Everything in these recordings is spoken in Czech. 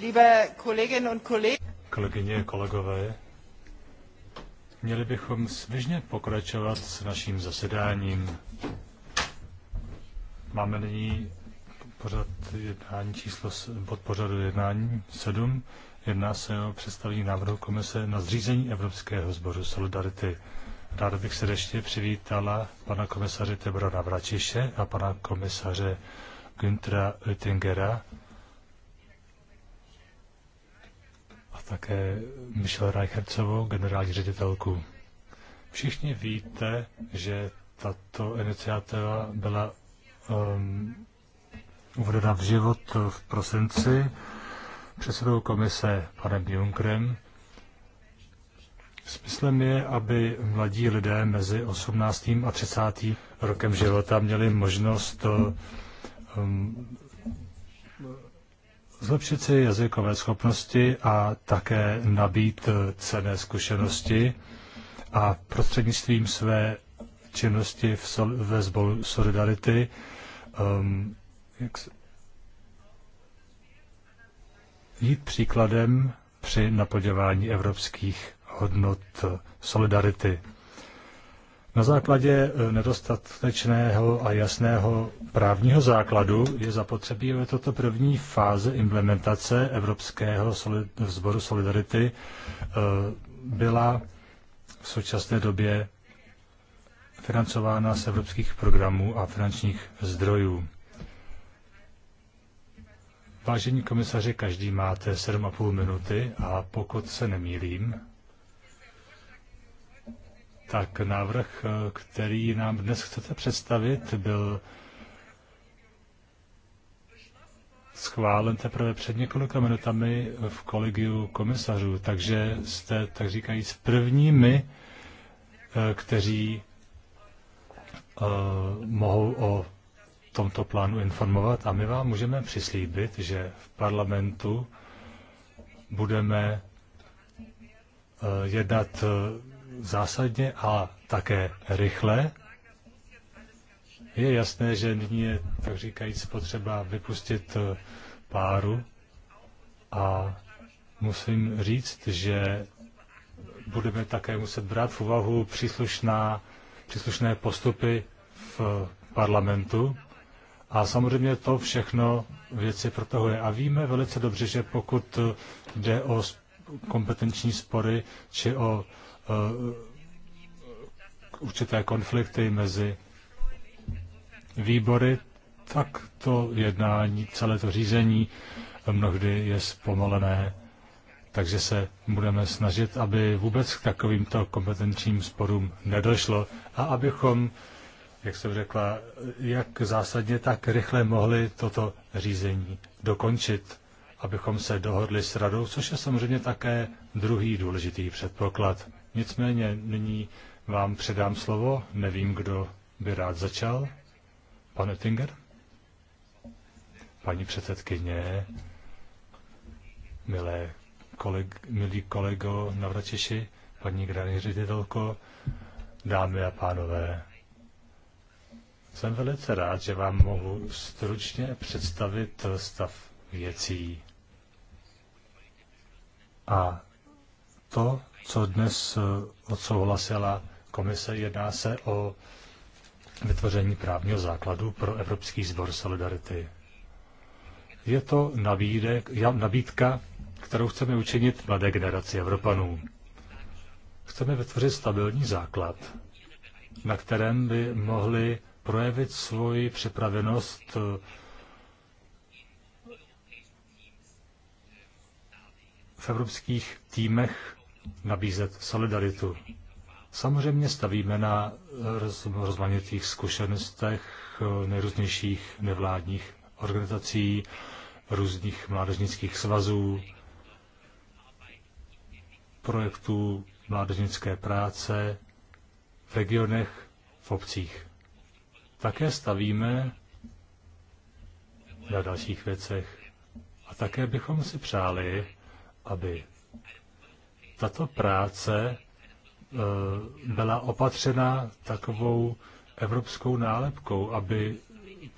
Liebe Kolleginnen und Kollegen. Kolegyně, kolegové, měli bychom svižně pokračovat s naším zasedáním. Máme nyní pořad jednání číslo, pod pořadu jednání 7. Jedná se o představení návrhu komise na zřízení Evropského sboru Solidarity. Ráda bych srdečně přivítala pana komisaře Tebora Navračiše a pana komisaře Güntra Oettingera, také Michelle Reichertzovou, generální ředitelku. Všichni víte, že tato iniciativa byla um, uvedena v život v prosinci předsedou komise panem Junkrem. Smyslem je, aby mladí lidé mezi 18. a 30. rokem života měli možnost um, zlepšit si jazykové schopnosti a také nabít eh, cené zkušenosti a prostřednictvím své činnosti v sol, ve sboru Solidarity um, jak se, jít příkladem při naplňování evropských hodnot eh, solidarity. Na základě eh, nedostatečného a jasného právního základu je zapotřebí ve toto první fáze implementace Evropského sboru Solidarity eh, byla v současné době financována z evropských programů a finančních zdrojů. Vážení komisaři, každý máte 7,5 minuty a pokud se nemýlím, tak návrh, který nám dnes chcete představit, byl schválen teprve před několika minutami v kolegiu komisařů, takže jste, tak s prvními, eh, kteří uh, mohou o tomto plánu informovat a my vám můžeme přislíbit, že v parlamentu budeme uh, jednat uh, zásadně a také rychle. Je jasné, že nyní je, tak říkajíc, potřeba vypustit eh, páru a musím říct, že budeme také muset brát v úvahu příslušná, příslušné postupy v parlamentu. A samozřejmě to všechno věci protahuje. A víme velice dobře, že pokud jde o kompetenční spory či o Eh, určité konflikty mezi výbory, tak to jednání, celé to řízení eh, mnohdy je zpomalené. Takže se budeme snažit, aby vůbec k takovýmto kompetenčním sporům nedošlo a abychom, jak jsem řekla, jak zásadně, tak rychle mohli toto řízení dokončit, abychom se dohodli s radou, což je samozřejmě také druhý důležitý předpoklad. Nicméně nyní vám předám slovo. Nevím, kdo by rád začal. Pan Oettinger? Paní předsedkyně, milé koleg, milí kolego Navračeši, paní grány ředitelko, dámy a pánové, jsem velice rád, že vám mohu stručně představit stav věcí. A to, co dnes eh, odsouhlasila komise. Jedná se o vytvoření právního základu pro Evropský sbor Solidarity. Je to nabídek, nabídka, kterou chceme učinit mladé generaci Evropanů. Chceme vytvořit stabilní základ, na kterém by mohli projevit svoji připravenost eh, v evropských týmech nabízet solidaritu. Samozřejmě stavíme na rozmanitých zkušenostech eh, nejrůznějších nevládních organizací, různých mládežnických svazů, projektů mládežnické práce v regionech, v obcích. Také stavíme na dalších věcech. A také bychom si přáli, aby tato práce e, byla opatřena takovou evropskou nálepkou, aby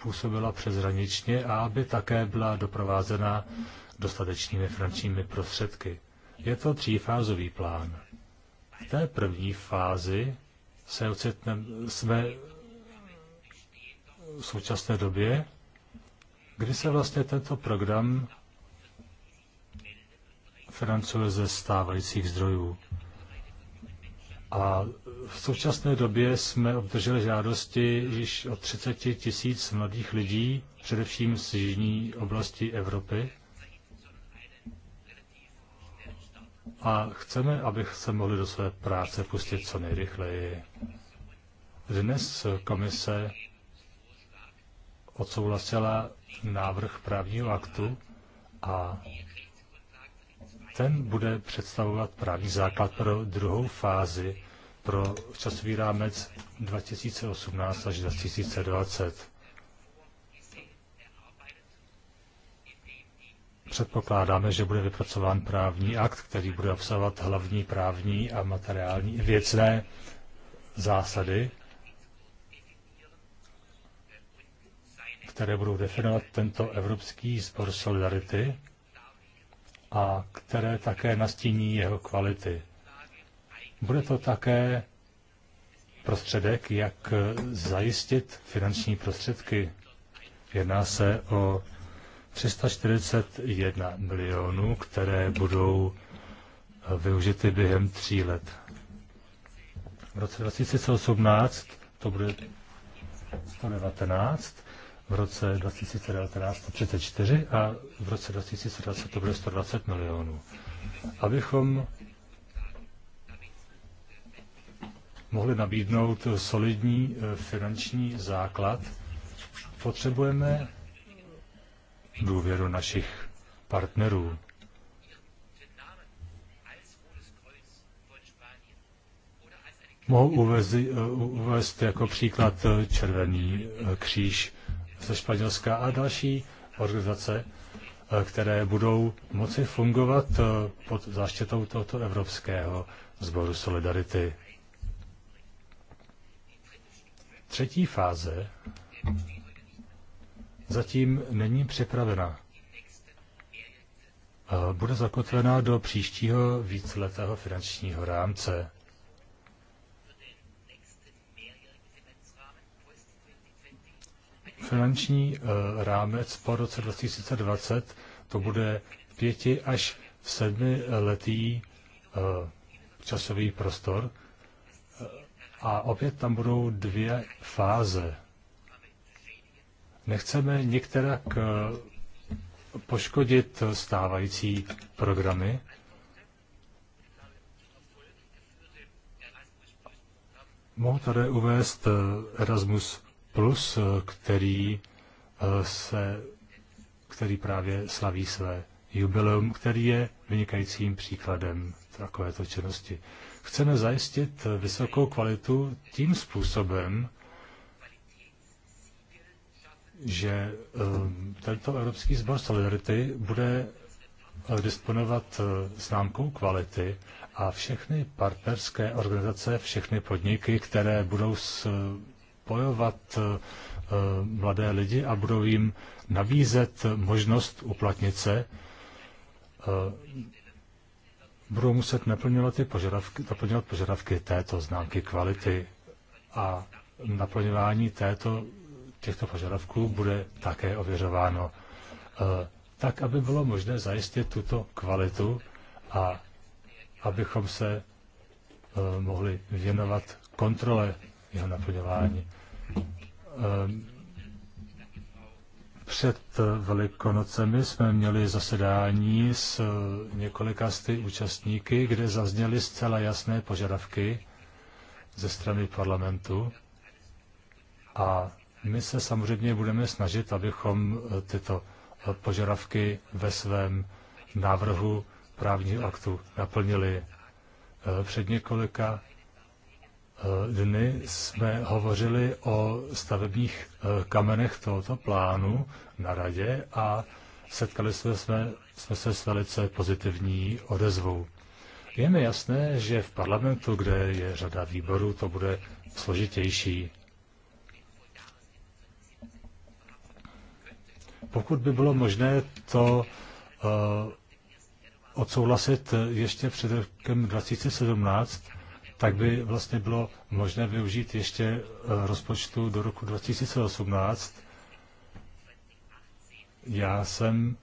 působila přeshraničně a aby také byla doprovázena dostatečnými finančními prostředky. Je to třífázový plán. V té první fázi se ocitneme, jsme v současné době, kdy se vlastně tento program financuje ze stávajících zdrojů. A v současné době jsme obdrželi žádosti již od 30 tisíc mladých lidí, především z jižní oblasti Evropy. A chceme, aby se mohli do své práce pustit co nejrychleji. Dnes komise odsouhlasila návrh právního aktu a ten bude představovat právní základ pro druhou fázi pro časový rámec 2018 až 2020. Předpokládáme, že bude vypracován právní akt, který bude obsahovat hlavní právní a materiální věcné zásady, které budou definovat tento Evropský sbor Solidarity a které také nastíní jeho kvality. Bude to také prostředek, jak zajistit finanční prostředky. Jedná se o 341 milionů, které budou využity během tří let. V roce 2018 to bude 119 v roce 2019 134 a v roce 2020 to bude 120 milionů. Abychom mohli nabídnout solidní eh, finanční základ, potřebujeme důvěru našich partnerů. Mohu uvést, eh, uvést jako příklad eh, Červený kříž ze Španělska a další organizace, eh, které budou moci fungovat eh, pod záštětou tohoto Evropského sboru Solidarity. Třetí fáze zatím není připravena. Eh, bude zakotvená do příštího víceletého finančního rámce. Finanční eh, rámec po roce 2020 to bude pěti až sedmi letý eh, časový prostor eh, a opět tam budou dvě fáze. Nechceme některak poškodit stávající programy, Mohu tady uvést Erasmus plus, eh, který eh, se, který právě slaví své jubileum, který je vynikajícím příkladem takovéto činnosti. Chceme zajistit eh, vysokou kvalitu tím způsobem, že tento Evropský sbor Solidarity bude disponovat známkou kvality a všechny partnerské organizace, všechny podniky, které budou s spojovat eh, eh, mladé lidi a budou jim nabízet možnost uplatnit se, eh, budou muset naplňovat, ty požadavky, naplňovat požadavky této známky kvality a naplňování této, těchto požadavků bude také ověřováno tak, aby bylo možné zajistit tuto kvalitu a abychom se mohli věnovat kontrole jeho naplňování. Ehm, před Velikonocemi jsme měli zasedání s několika z ty účastníky, kde zazněly zcela jasné požadavky ze strany parlamentu. A my se samozřejmě budeme snažit, abychom tyto požadavky ve svém návrhu právního aktu naplnili. Ehm, před několika dny jsme hovořili o stavebních eh, kamenech tohoto plánu na radě a setkali jsme, jsme, jsme se s velice pozitivní odezvou. Je mi jasné, že v parlamentu, kde je řada výborů, to bude složitější. Pokud by bylo možné to uh, odsouhlasit ještě před rokem 2017, tak by vlastně bylo možné využít ještě eh, rozpočtu do roku 2018. Já jsem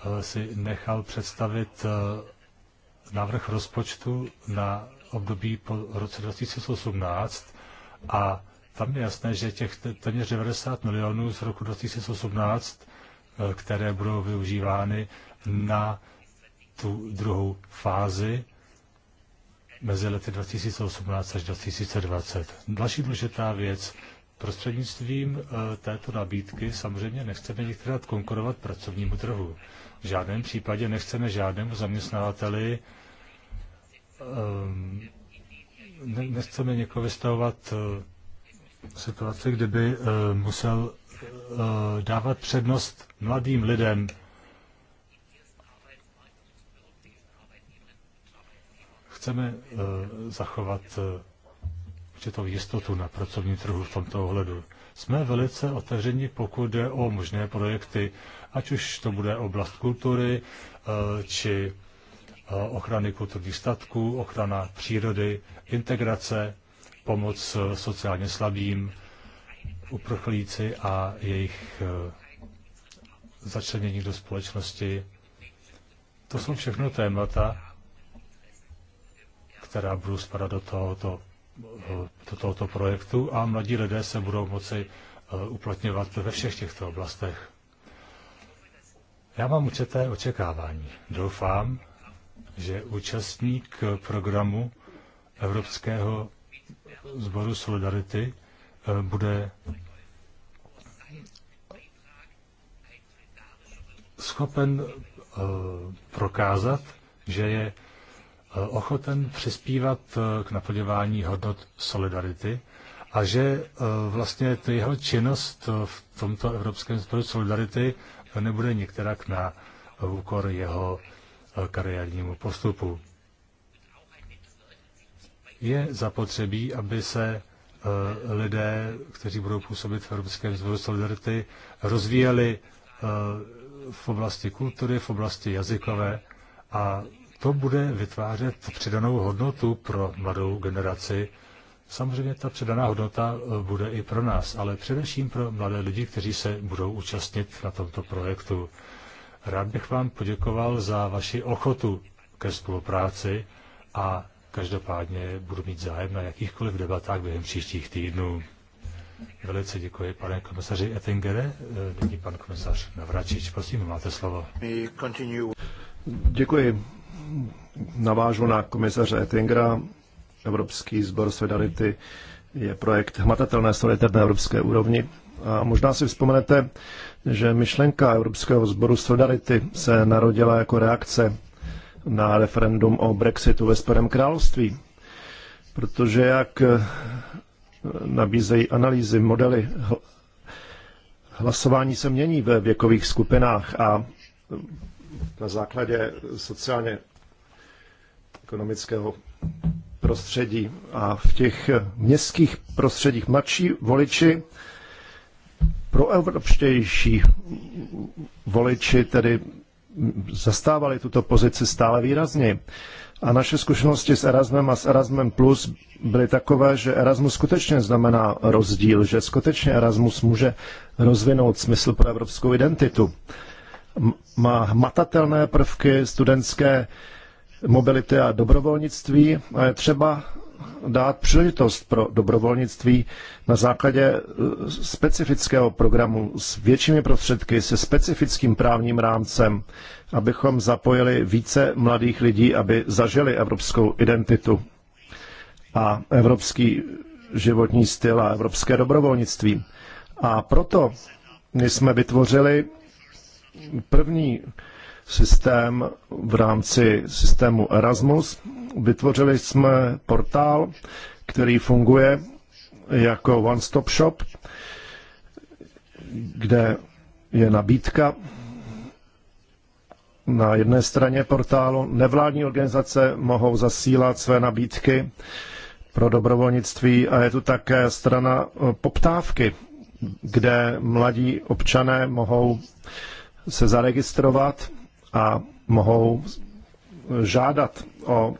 eh, si nechal představit eh, návrh rozpočtu na období po roce 2018 a tam je jasné, že těch téměř 90 milionů z roku 2018, které budou využívány na tu druhou fázi, mezi lety 2018 až 2020. Další důležitá věc, prostřednictvím eh, této nabídky samozřejmě nechceme některát konkurovat pracovnímu trhu. V žádném případě nechceme žádnému zaměstnavateli ehm, nechceme někoho vystavovat eh, situaci, kdyby eh, musel dávat přednost mladým lidem chceme eh, zachovat eh, určitou jistotu na pracovním trhu v tomto ohledu. Jsme velice otevření, pokud jde o možné projekty, ať už to bude oblast kultury, eh, či ochrany kulturních statků, ochrana přírody, integrace, pomoc sociálně slabým, uprchlíci a jejich začlenění do společnosti. To jsou všechno témata, která budou spadat do tohoto, do tohoto projektu a mladí lidé se budou moci eh, uplatňovat ve všech těchto oblastech. Já mám určité očekávání. Doufám, že účastník programu Evropského sboru Solidarity eh, bude schopen eh, prokázat, že je Eh, ochoten přispívat eh, k naplňování hodnot solidarity a že eh, vlastně jeho činnost v tomto Evropském sporu solidarity nebude některak na úkor jeho kariérnímu postupu. Je zapotřebí, aby se lidé, kteří budou působit v Evropském sboru solidarity, rozvíjeli v oblasti kultury, v oblasti jazykové a to bude vytvářet přidanou hodnotu pro mladou generaci. Samozřejmě ta přidaná hodnota eh, bude i pro nás, ale především pro mladé lidi, kteří se budou účastnit na tomto projektu. Rád bych vám poděkoval za vaši ochotu ke spolupráci a každopádně budu mít zájem na jakýchkoliv debatách během příštích týdnů. Velice děkuji, pane komisaři Ettingere. Eh, nyní pan komisař Navračič, prosím, máte slovo. Děkuji navážu na komisaře Ettingera. Evropský sbor Solidarity je projekt hmatatelné solidarity na evropské úrovni. A možná si vzpomenete, že myšlenka Evropského sboru Solidarity se narodila jako reakce na referendum o Brexitu ve Spojeném království. Protože jak nabízejí analýzy, modely, hlasování se mění ve věkových skupinách a na základě sociálně ekonomického prostředí. A v těch městských prostředích mladší voliči, proevropštější voliči tedy zastávali tuto pozici stále výrazněji. A naše zkušenosti s Erasmem a s Erasmem Plus byly takové, že Erasmus skutečně znamená rozdíl, že skutečně Erasmus může rozvinout smysl pro evropskou identitu. Má hmatatelné prvky studentské uh, mobility a dobrovolnictví a je třeba dát příležitost pro dobrovolnictví na základě e, specifického programu s většími prostředky, se specifickým právním rámcem, abychom zapojili více mladých lidí, aby zažili evropskou identitu a evropský životní styl a evropské dobrovolnictví. A proto my jsme vytvořili první systém v rámci systému Erasmus. Vytvořili jsme portál, který funguje jako one-stop shop, kde je nabídka na jedné straně portálu. Nevládní organizace mohou zasílat své nabídky pro dobrovolnictví a je tu také strana poptávky, kde mladí občané mohou se zaregistrovat a mohou žádat o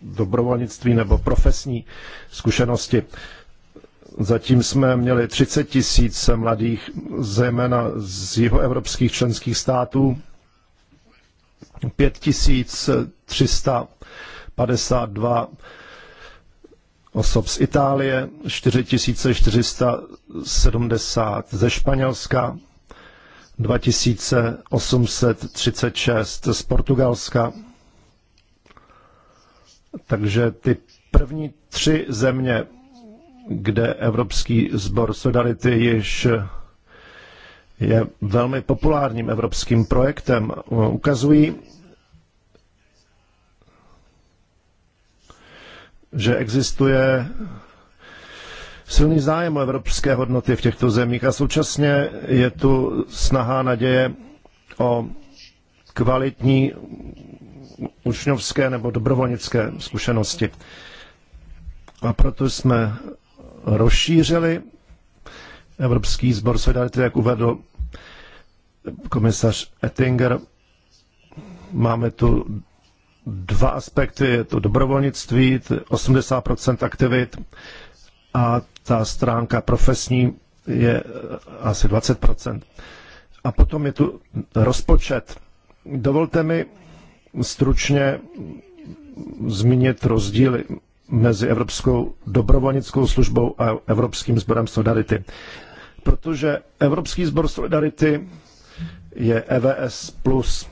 dobrovolnictví nebo profesní zkušenosti. Zatím jsme měli 30 tisíc mladých, zejména z evropských členských států, 5352 osob z Itálie, 4470 ze Španělska, 2836 z Portugalska. Takže ty první tři země, kde Evropský sbor Solidarity již je velmi populárním evropským projektem, ukazují, že existuje silný zájem o evropské hodnoty v těchto zemích a současně je tu snaha naděje o kvalitní učňovské nebo dobrovolnické zkušenosti. A proto jsme rozšířili Evropský sbor solidarity, jak uvedl komisař Ettinger. Máme tu dva aspekty, je to dobrovolnictví, 80% aktivit a ta stránka profesní je eh, asi 20%. A potom je tu rozpočet. Dovolte mi stručně zmínit rozdíly mezi Evropskou dobrovolnickou službou a Evropským sborem Solidarity. Protože Evropský sbor Solidarity je EVS plus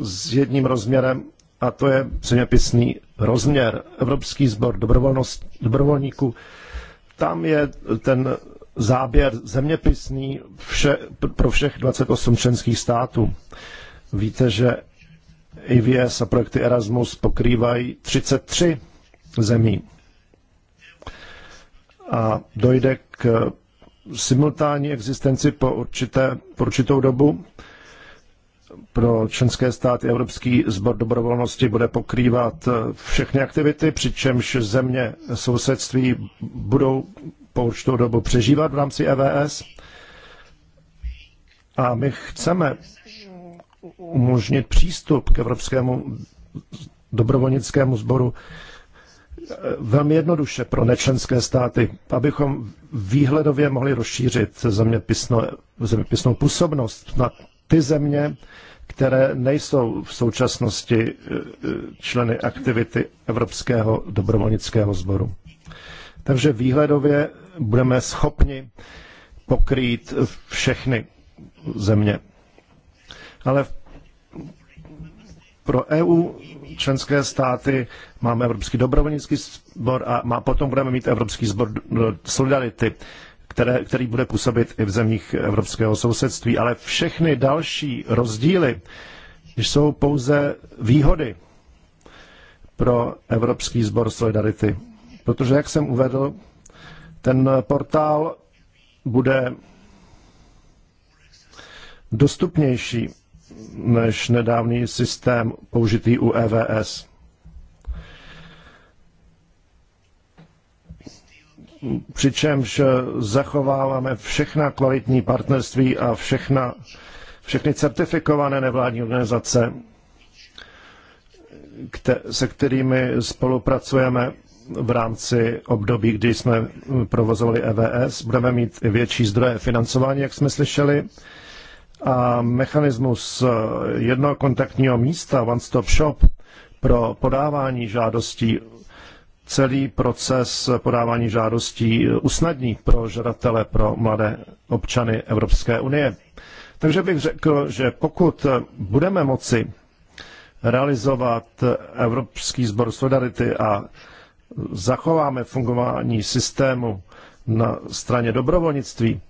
s jedním rozměrem a to je zeměpisný rozměr. Evropský sbor dobrovolníků tam je ten záběr zeměpisný vše, pro všech 28 členských států. Víte, že IVS a projekty Erasmus pokrývají 33 zemí. A dojde k simultánní existenci po, určité, po určitou dobu pro členské státy Evropský sbor dobrovolnosti bude pokrývat eh, všechny aktivity, přičemž země sousedství budou po určitou dobu přežívat v rámci EVS. A my chceme umožnit přístup k Evropskému dobrovolnickému sboru eh, velmi jednoduše pro nečlenské státy, abychom výhledově mohli rozšířit zeměpisnou, zeměpisnou působnost na ty země, které nejsou v současnosti eh, eh, členy aktivity Evropského dobrovolnického sboru. Takže výhledově budeme schopni pokrýt všechny země. Ale pro EU členské státy máme Evropský dobrovolnický sbor a má, potom budeme mít Evropský sbor Solidarity které, který bude působit i v zemích evropského sousedství. Ale všechny další rozdíly jsou pouze výhody pro Evropský sbor Solidarity. Protože, jak jsem uvedl, ten portál bude dostupnější než nedávný systém použitý u EVS. přičemž zachováváme všechna kvalitní partnerství a všechna, všechny certifikované nevládní organizace, kte, se kterými spolupracujeme v rámci období, kdy jsme provozovali EVS. Budeme mít i větší zdroje financování, jak jsme slyšeli. A mechanismus jednokontaktního místa, one-stop shop, pro podávání žádostí celý proces podávání žádostí usnadní pro žadatele, pro mladé občany Evropské unie. Takže bych řekl, že pokud budeme moci realizovat Evropský sbor solidarity a zachováme fungování systému na straně dobrovolnictví,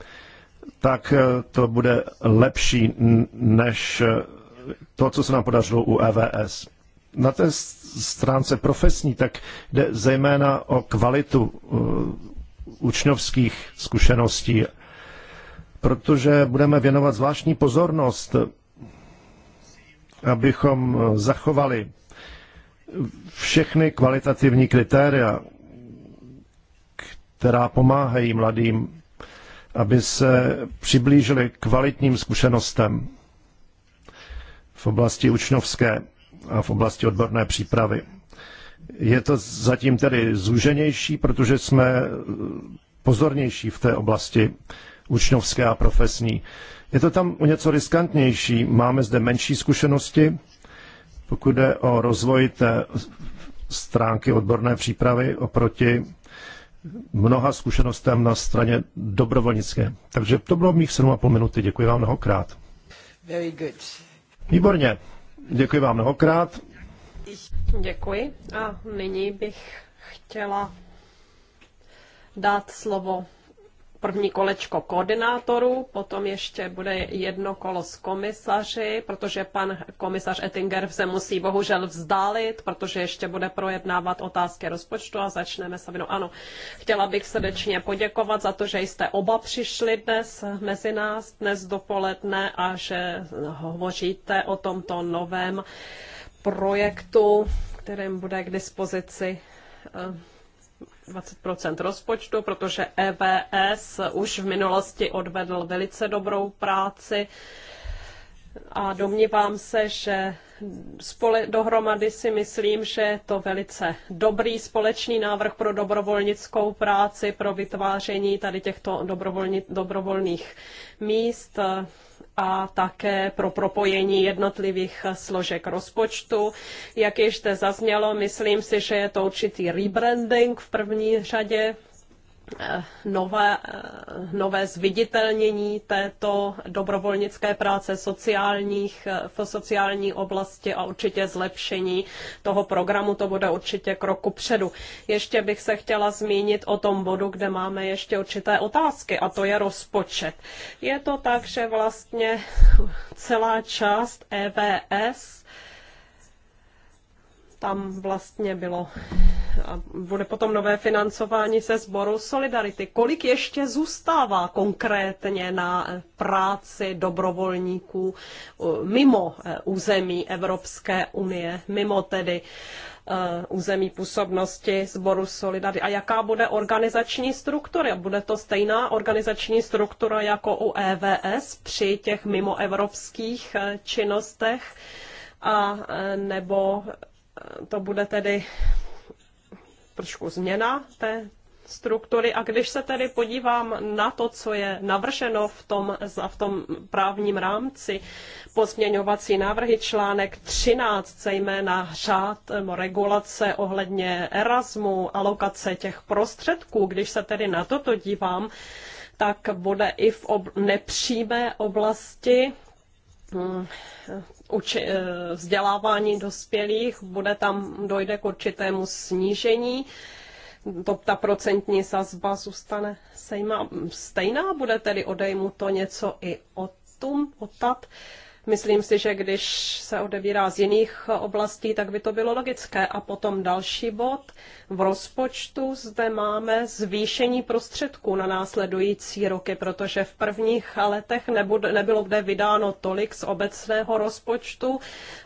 tak to bude lepší než to, co se nám podařilo u EVS na té stránce profesní, tak jde zejména o kvalitu uh, učňovských zkušeností, protože budeme věnovat zvláštní pozornost, abychom uh, zachovali všechny kvalitativní kritéria, která pomáhají mladým, aby se přiblížili kvalitním zkušenostem v oblasti učňovské a v oblasti odborné přípravy. Je to zatím tedy zúženější, protože jsme pozornější v té oblasti učňovské a profesní. Je to tam o něco riskantnější, máme zde menší zkušenosti, pokud jde o rozvoj té stránky odborné přípravy oproti mnoha zkušenostem na straně dobrovolnické. Takže to bylo mých 7,5 minuty, děkuji vám mnohokrát. Very good. Výborně. Děkuji vám mnohokrát. Děkuji a nyní bych chtěla dát slovo první kolečko koordinátorů, potom ještě bude jedno kolo s komisaři, protože pan komisař Ettinger se musí bohužel vzdálit, protože ještě bude projednávat otázky rozpočtu a začneme se. No ano, chtěla bych srdečně poděkovat za to, že jste oba přišli dnes mezi nás, dnes dopoledne a že hovoříte o tomto novém projektu, kterým bude k dispozici eh, 20 rozpočtu, protože EVS už v minulosti odvedl velice dobrou práci a domnívám se, že spole- dohromady si myslím, že je to velice dobrý společný návrh pro dobrovolnickou práci, pro vytváření tady těchto dobrovolni- dobrovolných míst a také pro propojení jednotlivých složek rozpočtu. Jak již zde zaznělo, myslím si, že je to určitý rebranding v první řadě Eh, nové, eh, nové zviditelnění této dobrovolnické práce sociálních, eh, v sociální oblasti a určitě zlepšení toho programu, to bude určitě kroku předu. Ještě bych se chtěla zmínit o tom bodu, kde máme ještě určité otázky a to je rozpočet. Je to tak, že vlastně celá část EVS tam vlastně bylo a bude potom nové financování se sboru Solidarity. Kolik ještě zůstává konkrétně na práci dobrovolníků uh, mimo uh, území Evropské unie, mimo tedy uh, území působnosti sboru Solidarity a jaká bude organizační struktura. Bude to stejná organizační struktura jako u EVS při těch mimoevropských činnostech a nebo to bude tedy trošku změna té struktury. A když se tedy podívám na to, co je navrženo v tom, v tom právním rámci, pozměňovací návrhy článek 13, zejména řád regulace ohledně Erasmu, alokace těch prostředků, když se tedy na toto dívám, tak bude i v ob- nepřímé oblasti hm, uči, eh, vzdělávání dospělých, bude tam, dojde k určitému snížení. To, ta procentní sazba zůstane sejma, stejná, bude tedy odejmuto něco i od tum, otat. Od Myslím si, že když se odebírá z jiných oblastí, tak by to bylo logické. A potom další bod. V rozpočtu zde máme zvýšení prostředků na následující roky, protože v prvních letech nebylo kde vydáno tolik z obecného rozpočtu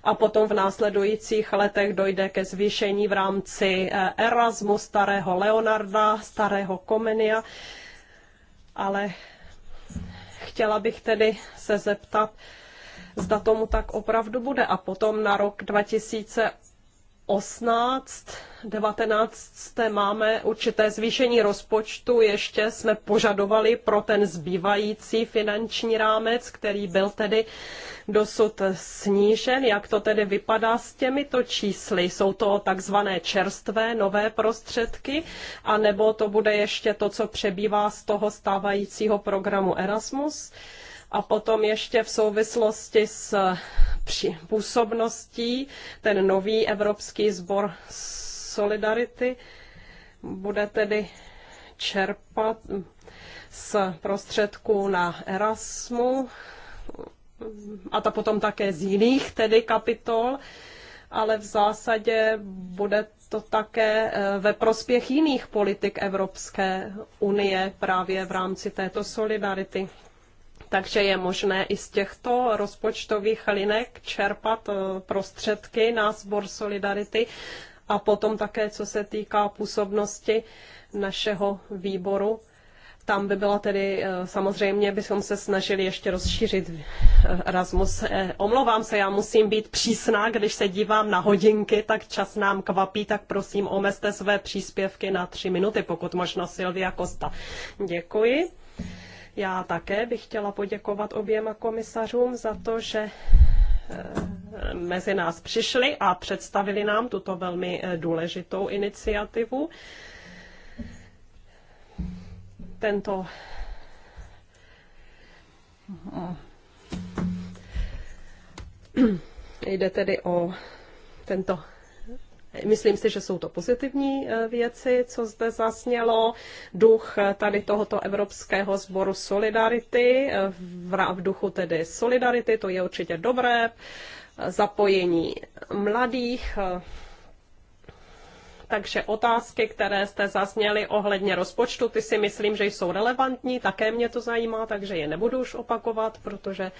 a potom v následujících letech dojde ke zvýšení v rámci eh, Erasmu, starého Leonarda, starého Komenia. Ale chtěla bych tedy se zeptat, zda tomu tak opravdu bude. A potom na rok 2018, 19. máme určité zvýšení rozpočtu, ještě jsme požadovali pro ten zbývající finanční rámec, který byl tedy dosud snížen. Jak to tedy vypadá s těmito čísly? Jsou to takzvané čerstvé nové prostředky, anebo to bude ještě to, co přebývá z toho stávajícího programu Erasmus? Uh, a potom ještě v souvislosti s působností ten nový Evropský sbor Solidarity bude tedy čerpat hm, z prostředků na Erasmu a ta potom také z jiných tedy kapitol, ale v zásadě bude to také eh, ve prospěch jiných politik Evropské unie právě v rámci této solidarity takže je možné i z těchto rozpočtových linek čerpat eh, prostředky na sbor Solidarity a potom také, co se týká působnosti našeho výboru, tam by byla tedy, eh, samozřejmě bychom se snažili ještě rozšířit eh, Erasmus. Omlouvám se, já musím být přísná, když se dívám na hodinky, tak čas nám kvapí, tak prosím omezte své příspěvky na tři minuty, pokud možno Silvia Kosta. Děkuji. Já také bych chtěla poděkovat oběma komisařům za to, že eh, mezi nás přišli a představili nám tuto velmi eh, důležitou iniciativu. Tento eh, Jde tedy o tento Myslím si, že jsou to pozitivní eh, věci, co zde zasnělo. Duch eh, tady tohoto Evropského sboru Solidarity, eh, v duchu tedy Solidarity, to je určitě dobré. Zapojení mladých, takže otázky, které jste zazněli ohledně rozpočtu, ty si myslím, že jsou relevantní, také mě to zajímá, takže je nebudu už opakovat, protože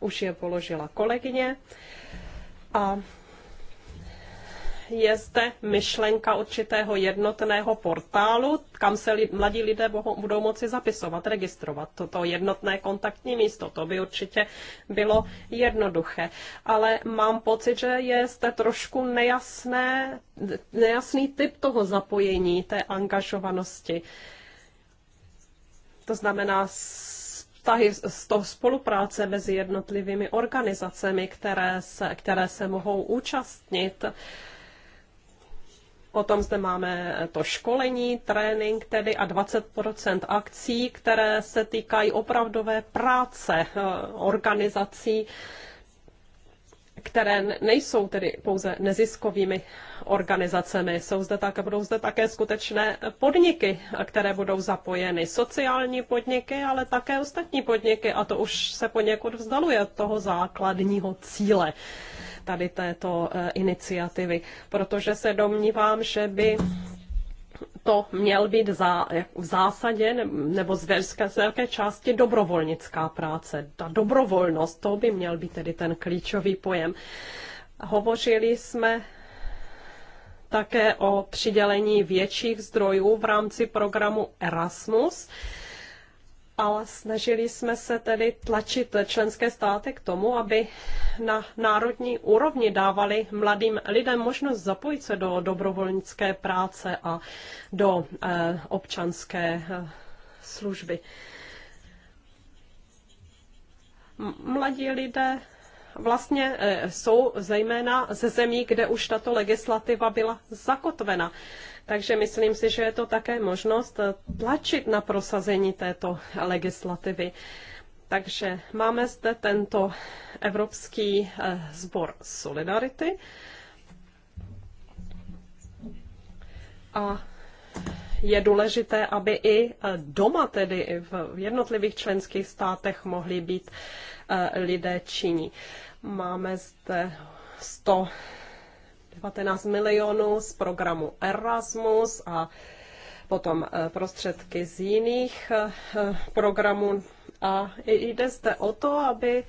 už je položila kolegyně. A je zde myšlenka určitého jednotného portálu, kam se li, mladí lidé bohu, budou moci zapisovat, registrovat. Toto jednotné kontaktní místo, to by určitě bylo jednoduché. Ale mám pocit, že je zde trošku nejasné, nejasný typ toho zapojení, té angažovanosti. To znamená, vztahy, z toho spolupráce mezi jednotlivými organizacemi, které se, které se mohou účastnit. Uh, Potom zde máme to školení, trénink tedy a 20% akcí, které se týkají opravdové práce eh, organizací, které nejsou tedy pouze neziskovými organizacemi. Jsou zde také, budou zde také skutečné podniky, které budou zapojeny. Sociální podniky, ale také ostatní podniky. A to už se poněkud vzdaluje od toho základního cíle tady této eh, iniciativy, protože se domnívám, že by to měl být za, v zásadě nebo z velké, z velké části dobrovolnická práce. Ta dobrovolnost, to by měl být tedy ten klíčový pojem. Hovořili jsme také o přidělení větších zdrojů v rámci programu Erasmus ale snažili jsme se tedy tlačit členské státy k tomu, aby na národní úrovni dávali mladým lidem možnost zapojit se do dobrovolnické práce a do eh, občanské eh, služby. Mladí lidé vlastně eh, jsou zejména ze zemí, kde už tato legislativa byla zakotvena. Takže myslím si, že je to také možnost eh, tlačit na prosazení této legislativy. Takže máme zde tento Evropský eh, sbor Solidarity. A je důležité, aby i doma, tedy v jednotlivých členských státech, mohly být Eh, lidé činí. Máme zde 119 milionů z programu Erasmus a potom eh, prostředky z jiných eh, programů. A jde zde o to, aby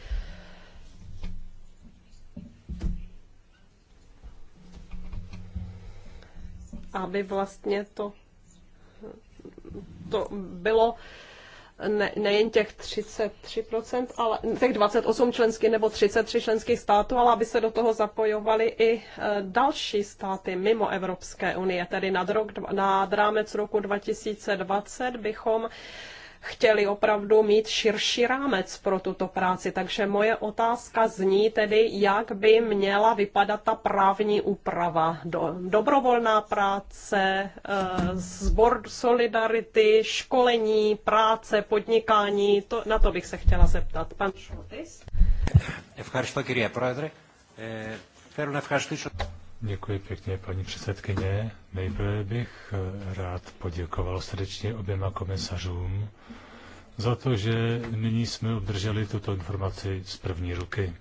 aby vlastně to, to bylo ne, nejen těch 33%, ale těch 28 členských nebo 33 členských států, ale aby se do toho zapojovaly i eh, další státy mimo Evropské unie. Tedy nad, rok, nad rámec roku 2020 bychom chtěli opravdu mít širší rámec pro tuto práci. Takže moje otázka zní tedy, jak by měla vypadat ta právní úprava. Do, dobrovolná práce, eh, sbor solidarity, školení, práce, podnikání, to, na to bych se chtěla zeptat. Pan Šultis. Ευχαριστώ κυρία Πρόεδρε. Ε, θέλω να ευχαριστήσω Děkuji pěkně, paní předsedkyně. Nejprve bych eh, rád poděkoval srdečně oběma komisařům za to, že nyní jsme obdrželi tuto informaci z první ruky.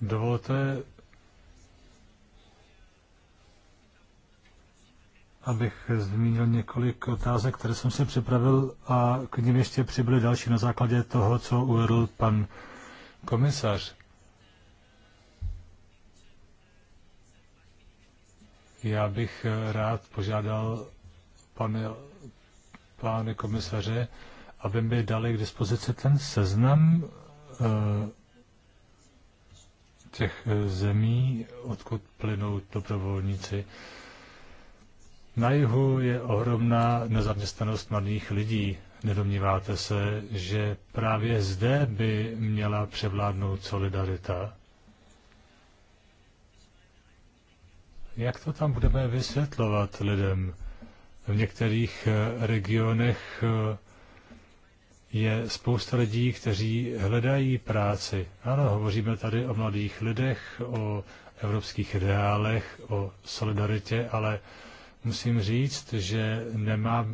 Dovolte abych zmínil několik otázek, které jsem si připravil a k ním ještě přibyly další na základě toho, co uvedl pan komisař. Já bych rád požádal pane, pány komisaře, aby mi dali k dispozici ten seznam eh, těch eh, zemí, odkud plynou dobrovolníci. Na jihu je ohromná nezaměstnanost mladých lidí. Nedomníváte se, že právě zde by měla převládnout solidarita? Jak to tam budeme vysvětlovat lidem? V některých eh, regionech eh, je spousta lidí, kteří hledají práci. Ano, hovoříme tady o mladých lidech, o evropských ideálech, o solidaritě, ale Musím říct, že nemám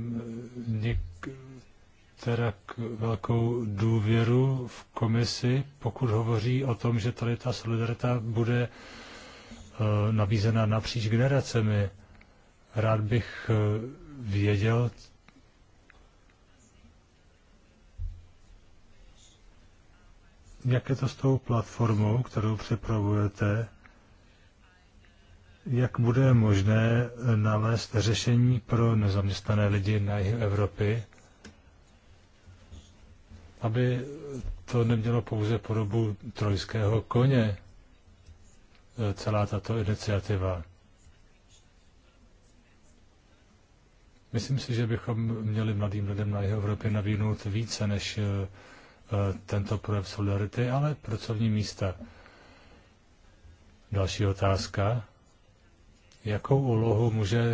některak velkou důvěru v komisi, pokud hovoří o tom, že tady ta solidarita bude eh, nabízena napříč generacemi. Rád bych eh, věděl, jak je to s tou platformou, kterou připravujete, jak bude možné eh, nalézt řešení pro nezaměstnané lidi na jihu Evropy, aby to nemělo pouze podobu trojského koně, eh, celá tato iniciativa. Myslím si, že bychom měli mladým lidem na jeho Evropě nabídnout více než eh, tento projev solidarity, ale pracovní místa. Další otázka. Jakou úlohu může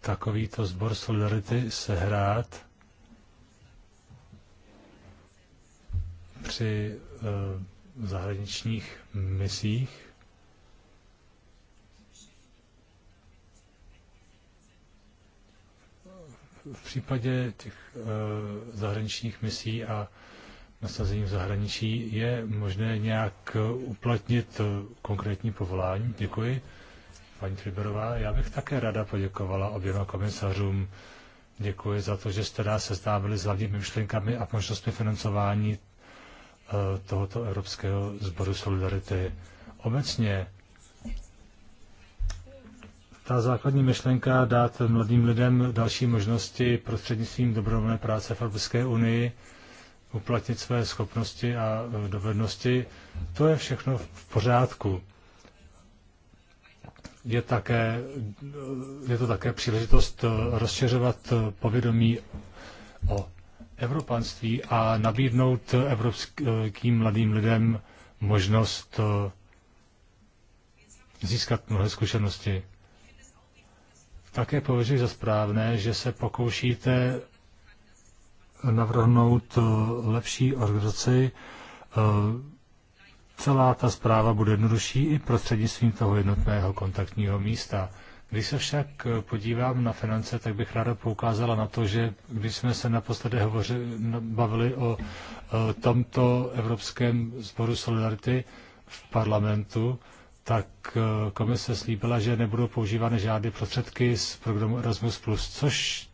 takovýto sbor Solidarity sehrát při uh, zahraničních misích? V případě těch uh, zahraničních misí a nasazení v zahraničí je možné nějak uplatnit eh, konkrétní povolání? Děkuji paní Triberová. Já bych také rada poděkovala oběma komisařům. Děkuji za to, že jste nás seznámili s hlavními myšlenkami a možnostmi financování eh, tohoto Evropského sboru solidarity. Obecně ta základní myšlenka dát mladým lidem další možnosti prostřednictvím dobrovolné práce v Evropské unii, uplatnit své schopnosti a eh, dovednosti, to je všechno v pořádku je, také, je to také příležitost eh, rozšiřovat eh, povědomí o evropanství a nabídnout evropským mladým lidem možnost eh, získat mnohé zkušenosti. Také považuji za správné, že se pokoušíte navrhnout lepší organizaci Celá ta zpráva bude jednodušší i prostřednictvím toho jednotného kontaktního místa. Když se však eh, podívám na finance, tak bych ráda poukázala na to, že když jsme se naposledy hovořili, bavili o, o eh, tomto Evropském sboru Solidarity v parlamentu, tak eh, komise slíbila, že nebudou používány žádné prostředky z programu Erasmus+, což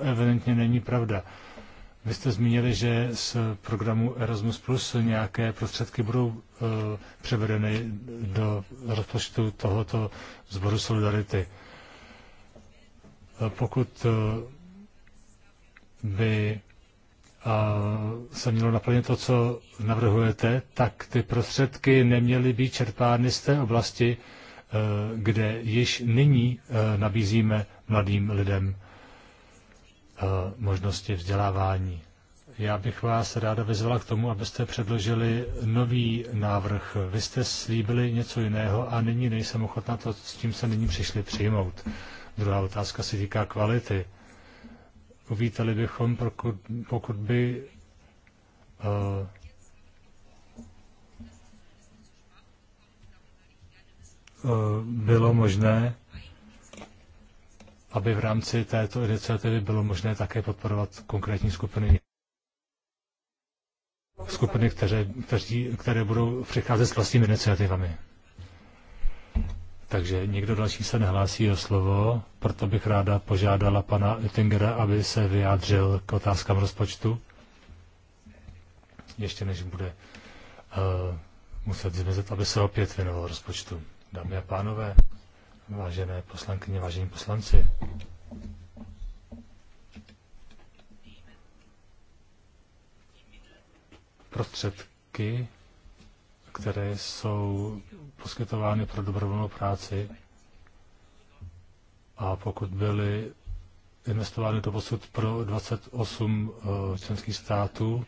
evidentně není pravda. Vy jste zmínili, že z programu Erasmus Plus nějaké prostředky budou uh, převedeny do rozpočtu tohoto zboru Solidarity. Eh, pokud eh, by se mělo naplnit to, co navrhujete, tak ty prostředky neměly být čerpány z té oblasti, kde již nyní nabízíme mladým lidem možnosti vzdělávání. Já bych vás ráda vyzvala k tomu, abyste předložili nový návrh. Vy jste slíbili něco jiného a nyní nejsem ochotná to, s tím se nyní přišli přijmout. Druhá otázka se týká kvality. Uvítali bychom, pokud, pokud by uh, bylo možné aby v rámci této iniciativy bylo možné také podporovat konkrétní skupiny skupiny, které, které, které budou přicházet s vlastními iniciativami. Takže někdo další se nehlásí o slovo, proto bych ráda požádala pana Ettingera, aby se vyjádřil k otázkám rozpočtu, ještě než bude uh, muset zmizet, aby se opět věnoval rozpočtu. Dámy a pánové, vážené poslankyně, vážení poslanci. Prostředky, které jsou poskytovány pro dobrovolnou práci a pokud byly investovány do posud pro 28 eh, členských států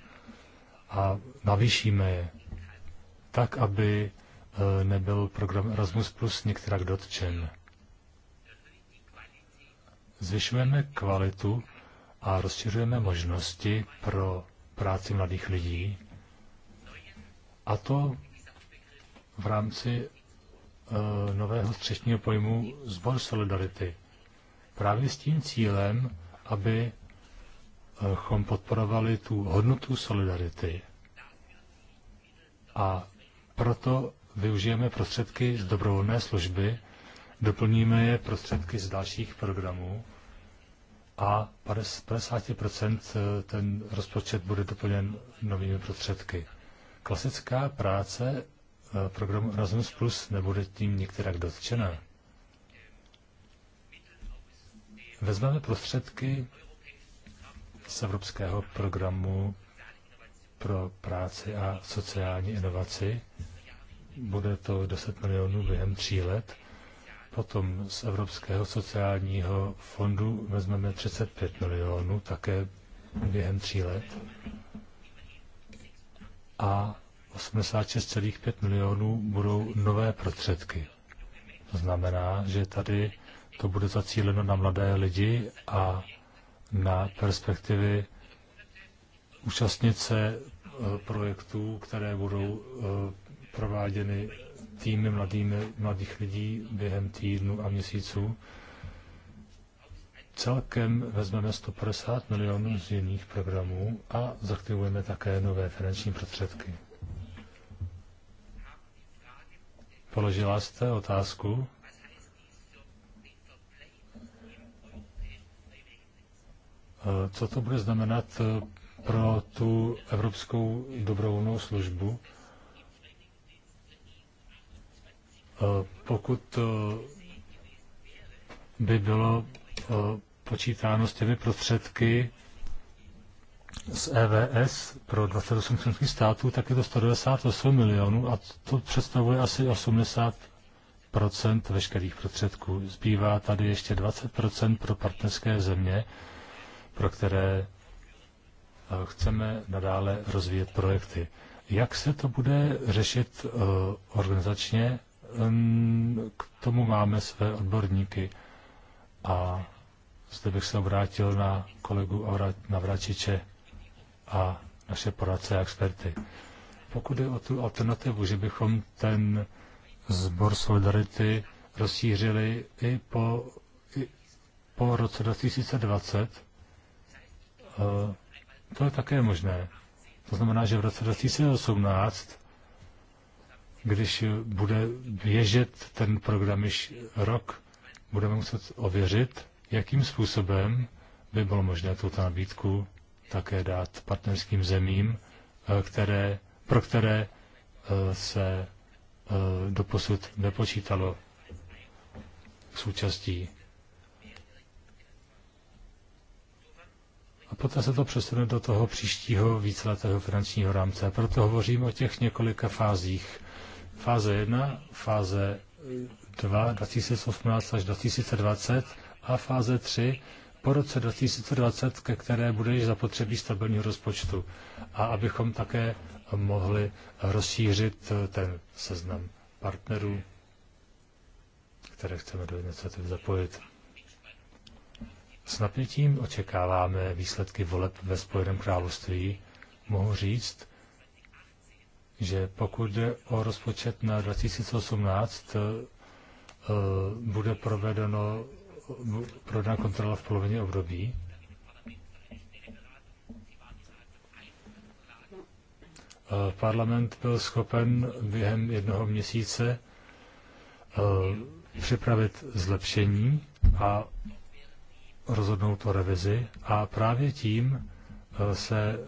a navýšíme je tak, aby Eh, nebyl program Erasmus Plus některak dotčen. Zvyšujeme kvalitu a rozšiřujeme možnosti pro práci mladých lidí, a to v rámci uh, nového střešního pojmu Zbor Solidarity. Právě s tím cílem, aby eh, chom podporovali tu hodnotu solidarity. A proto využijeme prostředky z dobrovolné služby, doplníme je prostředky z dalších programů a 50% eh, ten rozpočet bude doplněn novými prostředky. Klasická práce eh, programu Erasmus Plus nebude tím některak dotčena. Vezmeme prostředky z evropského programu pro práci a sociální inovaci bude to 10 milionů během tří let. Potom z Evropského sociálního fondu vezmeme 35 milionů, také během tří let. A 86,5 milionů budou nové prostředky. To znamená, že tady to bude zacíleno na mladé lidi a na perspektivy účastnice eh, projektů, které budou eh, prováděny týmy mladými, mladých lidí během týdnu a měsíců. Celkem vezmeme 150 milionů z jiných programů a zaktivujeme také nové finanční prostředky. Položila jste otázku? Co to bude znamenat pro tu evropskou dobrovolnou službu? Eh, pokud eh, by bylo eh, počítáno s těmi prostředky z EVS pro 28 členských států, tak je to 198 milionů a to představuje asi 80 veškerých prostředků. Zbývá tady ještě 20 pro partnerské země, pro které chceme nadále rozvíjet projekty. Jak se to bude řešit organizačně? k tomu máme své odborníky. A zde bych se obrátil na kolegu Navračiče a naše poradce a experty. Pokud je o tu alternativu, že bychom ten sbor Solidarity rozšířili i po, i po roce 2020, eh, to je také možné. To znamená, že v roce 2018 když bude běžet ten program již rok, budeme muset ověřit, jakým způsobem by bylo možné tuto nabídku také dát partnerským zemím, eh, které, pro které eh, se eh, doposud nepočítalo s účastí. A poté se to přesune do toho příštího víceletého finančního rámce. Proto hovořím o těch několika fázích Fáze 1, fáze 2, 2018 až 2020 a fáze 3 po roce 2020, ke které bude již zapotřebí stabilního rozpočtu. A abychom také mohli rozšířit eh, ten seznam partnerů, které chceme do iniciativy zapojit. S napětím očekáváme výsledky voleb ve Spojeném království. Mohu říct, že pokud jde o rozpočet na 2018, eh, bude provedeno prodaná kontrola v polovině období. Eh, parlament byl schopen během jednoho měsíce eh, připravit zlepšení a rozhodnout o revizi a právě tím se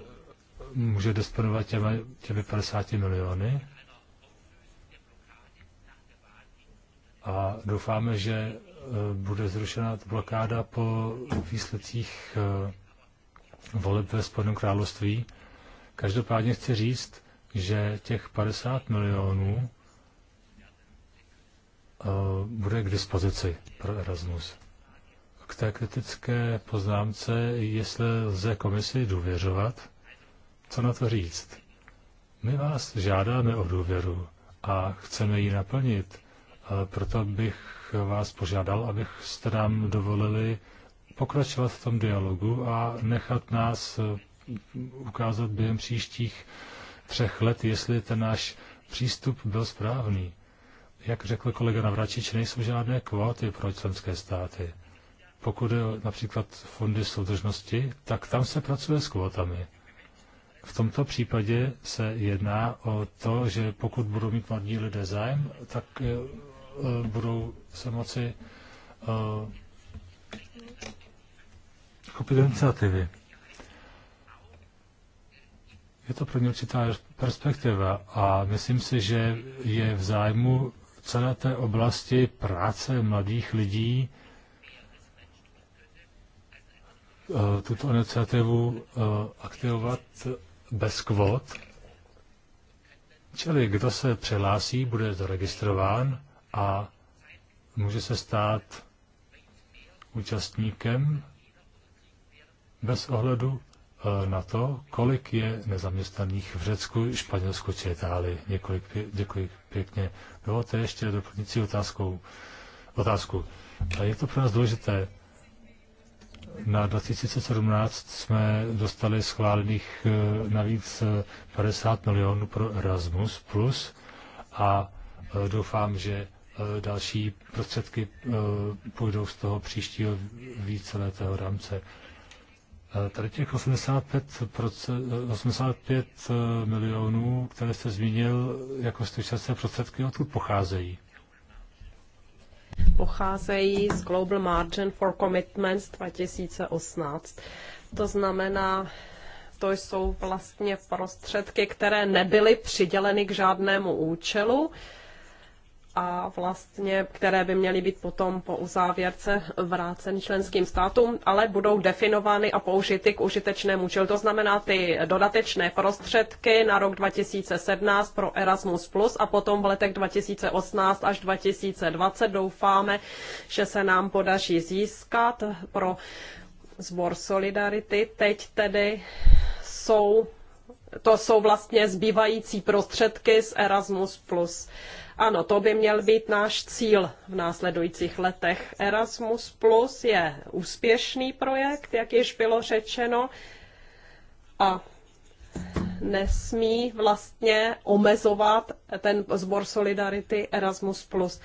může disponovat těmi, těmi 50 miliony. A doufáme, že eh, bude zrušena blokáda po výsledcích eh, voleb ve Spodném království. Každopádně chci říct, že těch 50 milionů eh, bude k dispozici pro Erasmus. K té kritické poznámce, jestli lze komisi důvěřovat, co na to říct? My vás žádáme o důvěru a chceme ji naplnit. Proto bych vás požádal, abyste nám dovolili pokračovat v tom dialogu a nechat nás e, ukázat během příštích třech let, jestli ten náš přístup byl správný. Jak řekl kolega Navračič, nejsou žádné kvóty pro členské státy. Pokud je například fondy soudržnosti, tak tam se pracuje s kvótami. V tomto případě se jedná o to, že pokud budou mít mladí lidé zájem, tak eh, eh, budou se moci koupit eh, iniciativy. Je to pro ně určitá perspektiva a myslím si, že je v zájmu celé té oblasti práce mladých lidí tuto iniciativu aktivovat bez kvot. Čili kdo se přihlásí, bude zaregistrován a může se stát účastníkem bez ohledu e, na to, kolik je nezaměstnaných v Řecku, Španělsku či Itálii. Několik, děkuji pěkně. Dovolte ještě doplnící otázku, otázku. Je to pro nás důležité na 2017 jsme dostali schválených eh, navíc 50 eh, milionů pro Erasmus+, plus a eh, doufám, že další prostředky půjdou z toho příštího víceletého rámce. Tady těch 85, 85 milionů, které jste zmínil, jako 160 prostředky odkud pocházejí? pocházejí z Global Margin for Commitments 2018. To znamená, to jsou vlastně prostředky, které nebyly přiděleny k žádnému účelu, a vlastně, které by měly být potom po uzávěrce vráceny členským státům, ale budou definovány a použity k užitečnému účelu. To znamená ty dodatečné prostředky na rok 2017 pro Erasmus+, Plus a potom v letech 2018 až 2020 doufáme, že se nám podaří získat pro zbor Solidarity. Teď tedy jsou to jsou vlastně zbývající prostředky z Erasmus+. Ano, to by měl být náš cíl v následujících letech. Erasmus Plus je úspěšný projekt, jak již bylo řečeno, a nesmí vlastně omezovat ten sbor Solidarity Erasmus+. Plus.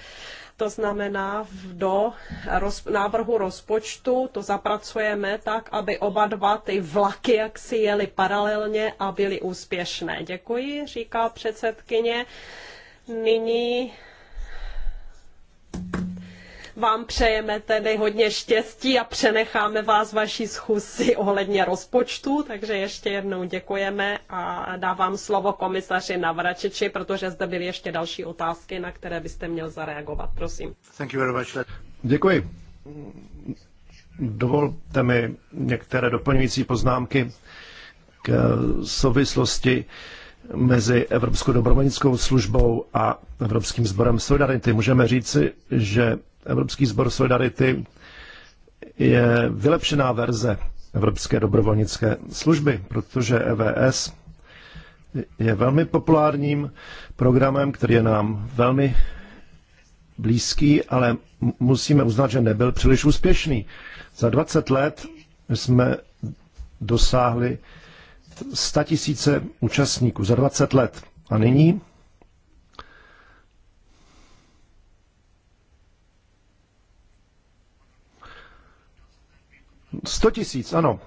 To znamená, do roz, návrhu rozpočtu to zapracujeme tak, aby oba dva ty vlaky si jeli paralelně a byly úspěšné. Děkuji, říká předsedkyně. Nyní vám přejeme tedy hodně štěstí a přenecháme vás vaší schůzi ohledně rozpočtu, takže ještě jednou děkujeme a dávám slovo komisaři Navračiči, protože zde byly ještě další otázky, na které byste měl zareagovat. Prosím. Thank you very much. Děkuji. Dovolte mi některé doplňující poznámky k souvislosti mezi Evropskou dobrovolnickou službou a Evropským sborem Solidarity. Můžeme říci, že Evropský sbor Solidarity je vylepšená verze Evropské dobrovolnické služby, protože EVS je velmi populárním programem, který je nám velmi blízký, ale musíme uznat, že nebyl příliš úspěšný. Za 20 let jsme dosáhli 100 tisíce účastníků za 20 let. A nyní Sto tisíc, ano.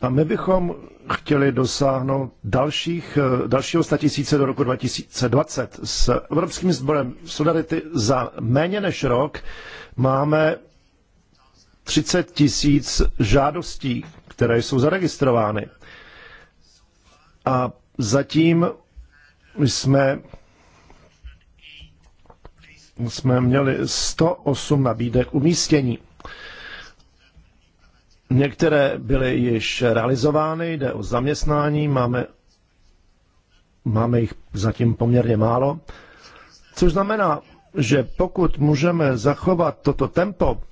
A my bychom chtěli dosáhnout dalších, eh, dalšího statisíce do roku 2020. S Evropským sborem Solidarity za méně než rok máme 30 tisíc žádostí, které jsou zaregistrovány. A zatím jsme, jsme měli 108 nabídek umístění. Některé byly již realizovány, jde o zaměstnání, máme, máme jich zatím poměrně málo, což znamená, že pokud můžeme zachovat toto tempo,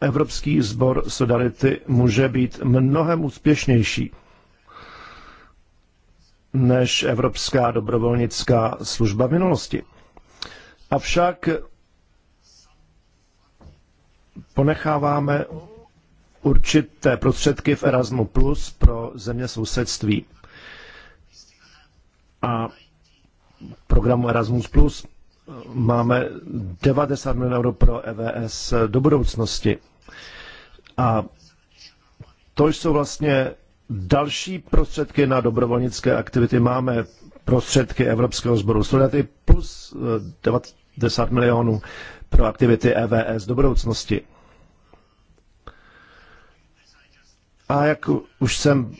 Evropský sbor Solidarity může být mnohem úspěšnější než Evropská dobrovolnická služba v minulosti. Avšak ponecháváme určité prostředky v Erasmu Plus pro země sousedství a programu Erasmus Plus máme 90 milionů euro pro EVS do budoucnosti. A to jsou vlastně další prostředky na dobrovolnické aktivity. Máme prostředky Evropského sboru Solidarity plus 90 eh, milionů pro aktivity EVS do budoucnosti. A jak už jsem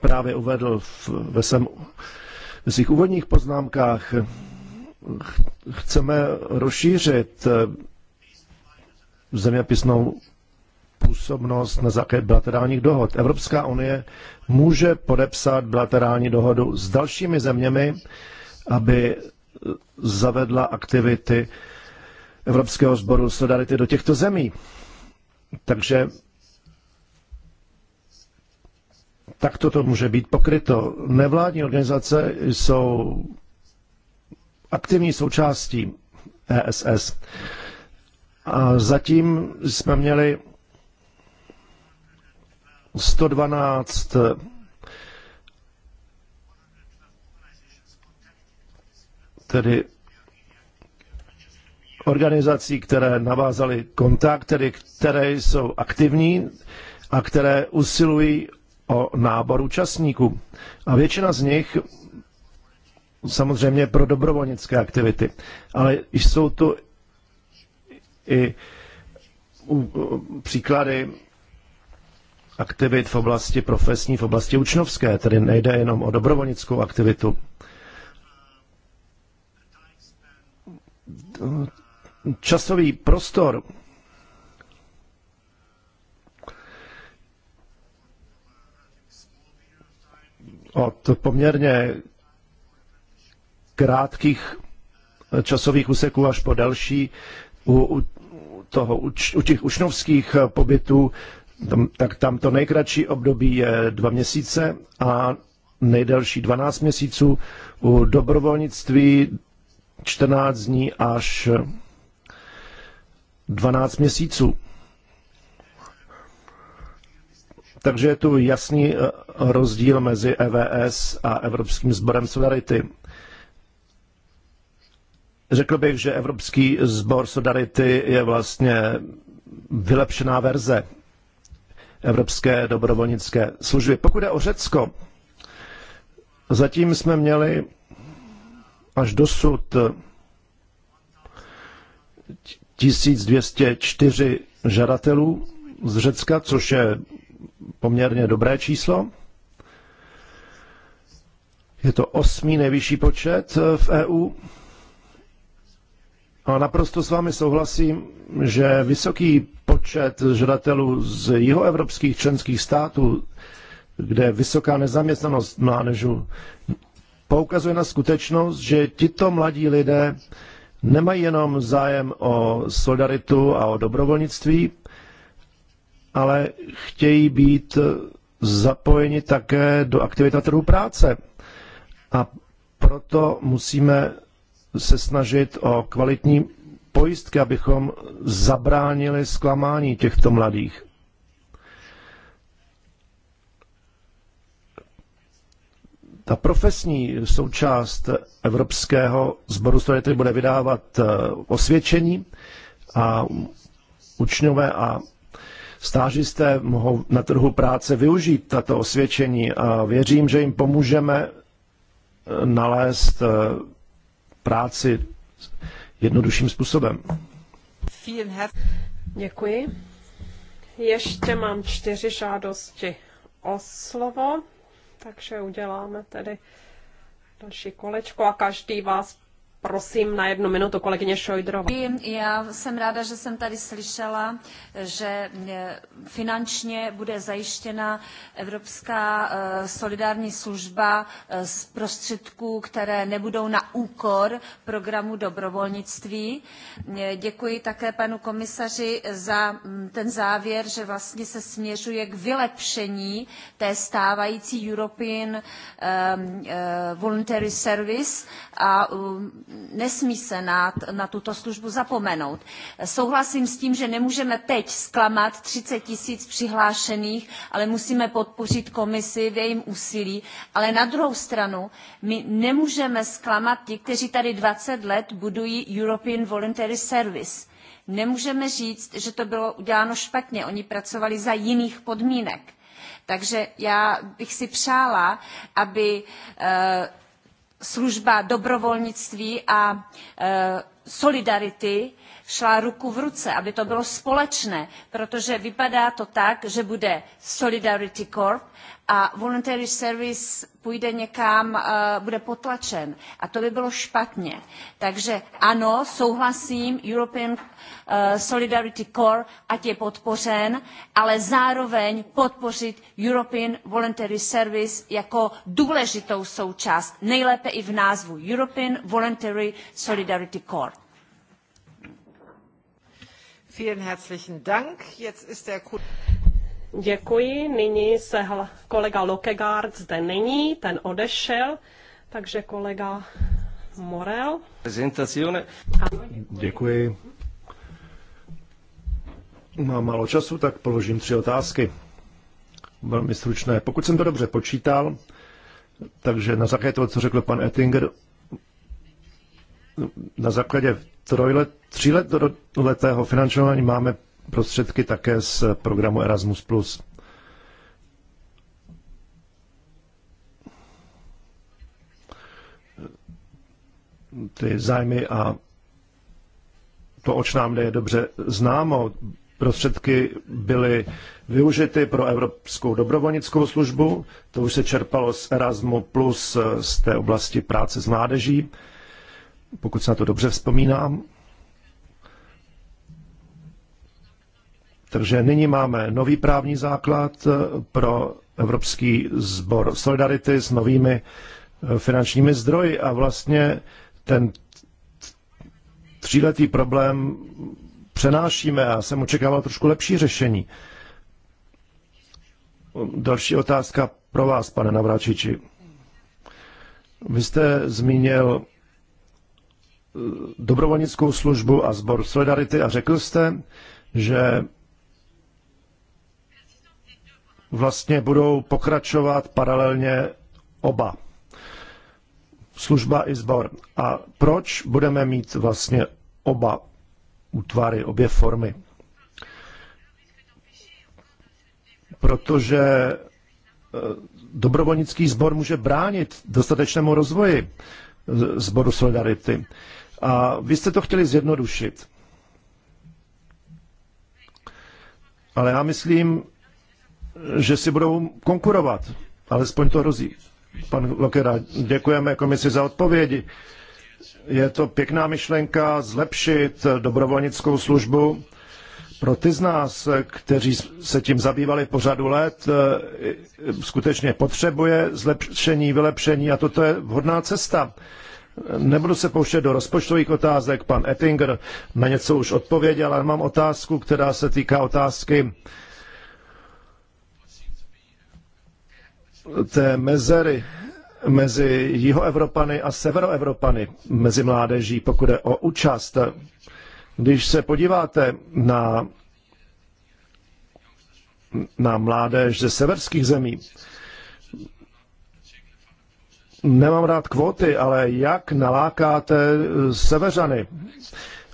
právě uvedl v, ve, svém, ve svých úvodních poznámkách, chceme rozšířit eh, zeměpisnou působnost na základě bilaterálních dohod. Evropská unie může podepsat bilaterální dohodu s dalšími zeměmi, aby zavedla aktivity Evropského sboru solidarity do těchto zemí. Takže takto to může být pokryto. Nevládní organizace jsou aktivní součástí ESS. A zatím jsme měli 112 tedy organizací, které navázaly kontakt, tedy které jsou aktivní a které usilují o nábor účastníků. A většina z nich samozřejmě pro dobrovolnické aktivity. Ale jsou tu i příklady aktivit v oblasti profesní, v oblasti učňovské, tedy nejde jenom o dobrovolnickou aktivitu. Časový prostor od poměrně krátkých časových úseků až po další u, u, toho, u těch učňovských pobytů tam, tak tam to nejkratší období je dva měsíce a nejdelší 12 měsíců, u dobrovolnictví 14 dní až 12 měsíců. Takže je tu jasný eh, rozdíl mezi EVS a Evropským sborem Solidarity. Řekl bych, že Evropský sbor Solidarity je vlastně vylepšená verze Evropské dobrovolnické služby. Pokud je o Řecko, zatím jsme měli až dosud 1204 žadatelů z Řecka, což je poměrně dobré číslo. Je to osmý nejvyšší počet v EU. A naprosto s vámi souhlasím, že vysoký počet žadatelů z jihoevropských členských států, kde vysoká nezaměstnanost mládežů, poukazuje na skutečnost, že tito mladí lidé nemají jenom zájem o solidaritu a o dobrovolnictví, ale chtějí být zapojeni také do aktivita trhu práce. A proto musíme se snažit o kvalitní pojistky, abychom zabránili zklamání těchto mladých. Ta profesní součást Evropského sboru studentů bude vydávat eh, osvědčení a učňové a stážisté mohou na trhu práce využít tato osvědčení a věřím, že jim pomůžeme eh, nalézt eh, práci jednodušším způsobem. Děkuji. Ještě mám čtyři žádosti o slovo, takže uděláme tedy další kolečko a každý vás Prosím na jednu minutu, kolegyně Šojdrová. Já jsem ráda, že jsem tady slyšela, že e, finančně bude zajištěna Evropská e, solidární služba e, z prostředků, které nebudou na úkor programu dobrovolnictví. Děkuji také panu komisaři za ten závěr, že vlastně se směřuje k vylepšení té stávající European Voluntary Service a nesmí se na, na tuto službu zapomenout. Souhlasím s tím, že nemůžeme teď zklamat 30 tisíc přihlášených, ale musíme podpořit komisi v jejím úsilí. Ale na druhou stranu, my nemůžeme zklamat ti, kteří tady 20 let budují European Voluntary Service. Nemůžeme říct, že to bylo uděláno špatně. Oni pracovali za jiných podmínek. Takže já bych si přála, aby eh, služba dobrovolnictví a e, solidarity šla ruku v ruce, aby to bylo společné, protože vypadá to tak, že bude Solidarity Corp a voluntary service půjde někam, eh, bude potlačen. A to by bylo špatně. Takže ano, souhlasím, European eh, Solidarity Corps, ať je podpořen, ale zároveň podpořit European Voluntary Service jako důležitou součást, nejlépe i v názvu European Voluntary Solidarity Corps. Vielen herzlichen Dank. Jetzt ist der Děkuji. Nyní se kolega Lokegaard zde není, ten odešel, takže kolega Morel. Prezentazione. Děkuji. Mám málo času, tak položím tři otázky. Velmi stručné. Pokud jsem to dobře počítal, takže na základě toho, co řekl pan Ettinger, na základě trojlet, tříletého finančování máme prostředky také z programu Erasmus+. Ty zájmy a to, oč nám jde, je dobře známo. Prostředky byly využity pro Evropskou dobrovolnickou službu, to už se čerpalo z Erasmu plus z té oblasti práce s mládeží, pokud se na to dobře vzpomínám. Takže nyní máme nový právní základ eh, pro Evropský sbor Solidarity s novými eh, finančními zdroji a vlastně ten tříletý problém přenášíme a jsem očekával trošku lepší řešení. Další otázka pro vás, pane Navráčiči. Vy jste zmínil eh, dobrovolnickou službu a sbor Solidarity a řekl jste, že vlastně budou pokračovat paralelně oba. Služba i sbor. A proč budeme mít vlastně oba útvary, obě formy? Protože eh, dobrovolnický sbor může bránit dostatečnému rozvoji eh, sboru Solidarity. A vy jste to chtěli zjednodušit. Ale já myslím, že si budou konkurovat. Alespoň to hrozí. Pan Lokera, děkujeme komisi za odpovědi. Je to pěkná myšlenka zlepšit dobrovolnickou službu. Pro ty z nás, kteří se tím zabývali po řadu let, skutečně potřebuje zlepšení, vylepšení a toto je vhodná cesta. Nebudu se pouštět do rozpočtových otázek, pan Ettinger na něco už odpověděl, ale mám otázku, která se týká otázky té mezery mezi jihoevropany a severoevropany, mezi mládeží, pokud je o účast. Když se podíváte na, na mládež ze severských zemí, nemám rád kvóty, ale jak nalákáte severžany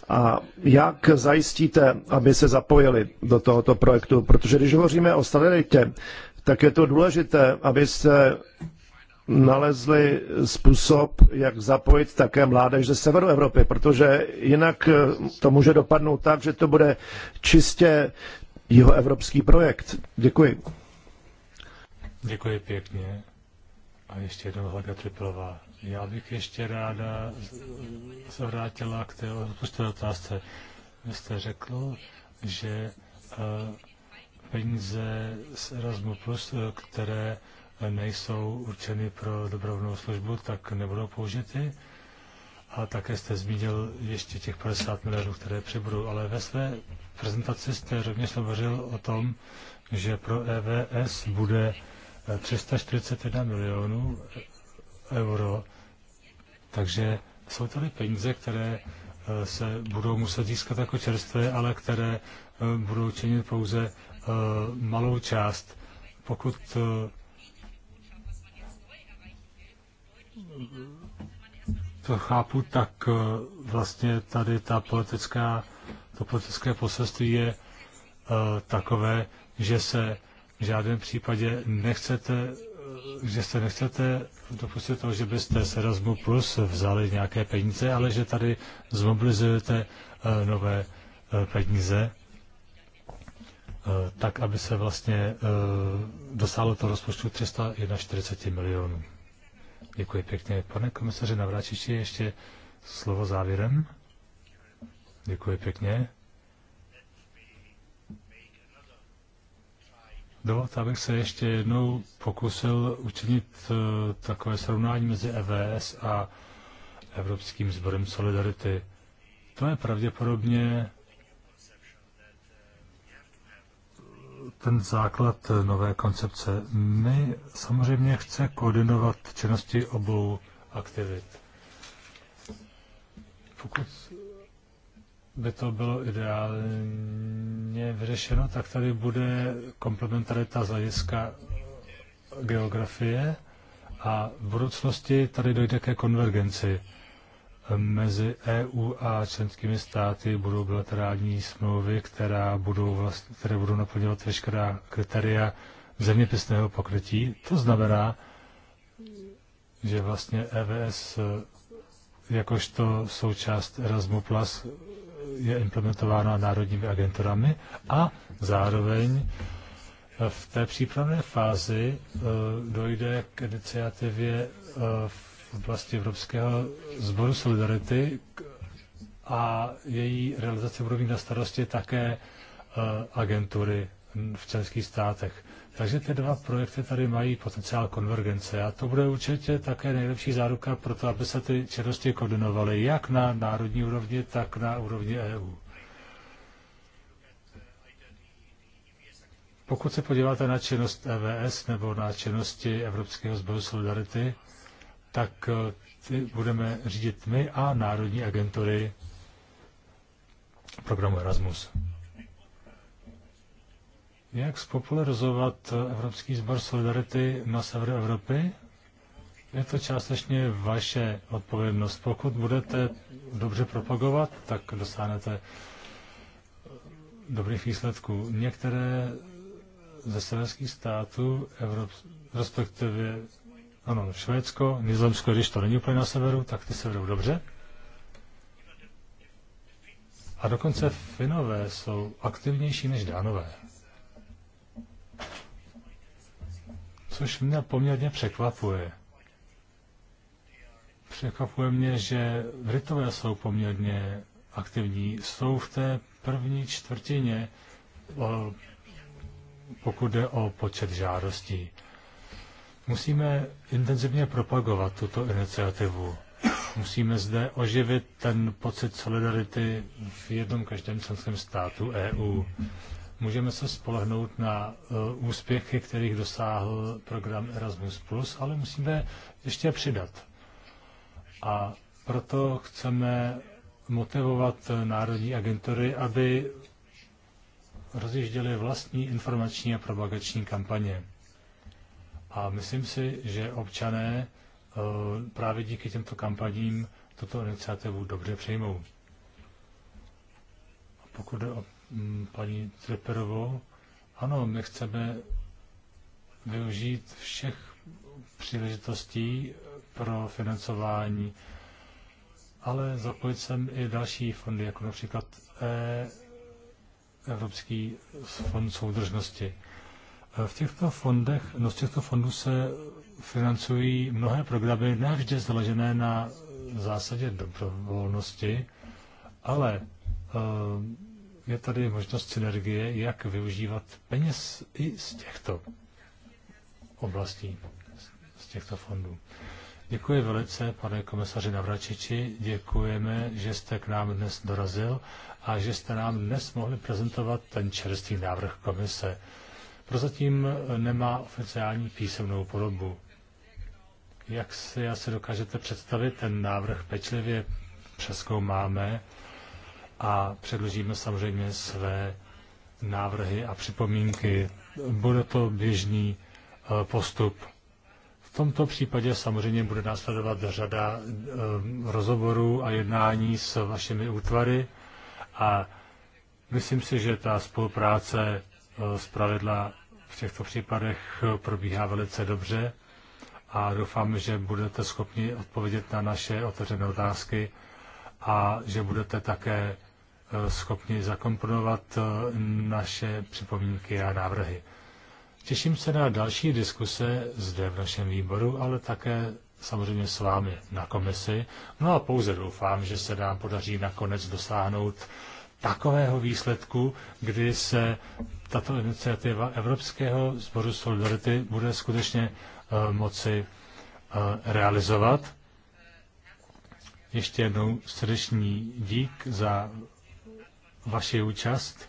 a jak zajistíte, aby se zapojili do tohoto projektu? Protože když hovoříme o stabilitě, tak je to důležité, abyste nalezli způsob, jak zapojit také mládež ze severu Evropy, protože jinak eh, to může dopadnout tak, že to bude čistě jihoevropský projekt. Děkuji. Děkuji pěkně. A ještě jednou Helga Já bych ještě ráda se vrátila k té otázce. Vy jste řekl, že uh, peníze z Erasmu+, eh, které nejsou určeny pro dobrovolnou službu, tak nebudou použity. A také jste zmínil ještě těch 50 milionů, které přibudou. Ale ve své prezentaci jste rovněž hovořil o tom, že pro EVS bude 341 eh, milionů eh, euro. Takže jsou tady peníze, které se budou muset získat jako čerstvé, ale které eh, budou činit pouze eh, malou část. Pokud eh, to chápu, tak vlastně tady ta politická, to politické poselství je takové, že se v žádném případě nechcete že se nechcete dopustit toho, že byste z Erasmus Plus vzali nějaké peníze, ale že tady zmobilizujete eh, nové eh, peníze, eh, tak aby se vlastně dosáhlo to rozpočtu 341 milionů. Děkuji pěkně. Pane komisaři Navráčiči, ještě slovo závěrem. Děkuji pěkně. Dovolte, abych se ještě jednou pokusil učinit eh, takové srovnání mezi EVS a Evropským sborem Solidarity. To je pravděpodobně eh, ten základ nové koncepce. My samozřejmě chce koordinovat činnosti obou aktivit. Pokud by to bylo ideálně vyřešeno, tak tady bude komplementarita z hlediska geografie a v budoucnosti tady dojde ke konvergenci. Mezi EU a členskými státy budou bilaterální smlouvy, která budou vlast, které budou naplňovat veškerá kritéria zeměpisného pokrytí. To znamená, že vlastně EVS jakožto součást Erasmus Plus je implementována národními agenturami a zároveň v té přípravné fázi e, dojde k iniciativě e, v oblasti Evropského sboru Solidarity a její realizace budou mít na starosti také e, agentury v členských státech. Takže ty dva projekty tady mají potenciál konvergence a to bude určitě také nejlepší záruka pro to, aby se ty činnosti koordinovaly jak na národní úrovni, tak na úrovni EU. Pokud se podíváte na činnost EVS nebo na činnosti Evropského sboru Solidarity, tak eh, ty budeme řídit my a Národní agentury programu Erasmus. Jak spopularizovat Evropský sbor Solidarity na severu Evropy? Je to částečně vaše odpovědnost. Pokud budete dobře propagovat, tak dosáhnete dobrých výsledků. Některé ze severských států, Evrop, respektive ano, Švédsko, Nizozemsko, když to není úplně na severu, tak ty se vedou dobře. A dokonce Finové jsou aktivnější než Dánové. což mě poměrně překvapuje. Překvapuje mě, že Britové jsou poměrně aktivní. Jsou v té první čtvrtině, pokud jde o počet žádostí. Musíme intenzivně propagovat tuto iniciativu. Musíme zde oživit ten pocit solidarity v jednom každém členském státu EU. Můžeme se spolehnout na e, úspěchy, kterých dosáhl program Erasmus+, ale musíme ještě přidat. A proto chceme motivovat národní agentury, aby rozjížděli vlastní informační a propagační kampaně. A myslím si, že občané e, právě díky těmto kampaním tuto iniciativu dobře přejmou. A pokud jde o Mm, paní Treperovou. Ano, my chceme využít všech příležitostí pro financování, ale zapojit sem i další fondy, jako například e, Evropský fond soudržnosti. E, v těchto fondech, no z těchto fondů se financují mnohé programy, ne vždy založené na zásadě dobrovolnosti, ale e, je tady možnost synergie, jak využívat peněz i z těchto oblastí, z těchto fondů. Děkuji velice, pane komisaři Navračiči. Děkujeme, že jste k nám dnes dorazil a že jste nám dnes mohli prezentovat ten čerstvý návrh komise. Prozatím nemá oficiální písemnou podobu. Jak si asi dokážete představit, ten návrh pečlivě přeskoumáme a předložíme samozřejmě své návrhy a připomínky. Bude to běžný eh, postup. V tomto případě samozřejmě bude následovat řada eh, rozhovorů a jednání s vašimi útvary a myslím si, že ta spolupráce eh, z pravidla v těchto případech probíhá velice dobře a doufám, že budete schopni odpovědět na naše otevřené otázky a že budete také schopni zakomponovat eh, naše připomínky a návrhy. Těším se na další diskuse zde v našem výboru, ale také samozřejmě s vámi na komisi. No a pouze doufám, že se nám podaří nakonec dosáhnout takového výsledku, kdy se tato iniciativa Evropského sboru Solidarity bude skutečně uh, moci uh, realizovat. Ještě jednou srdeční dík za vaši účast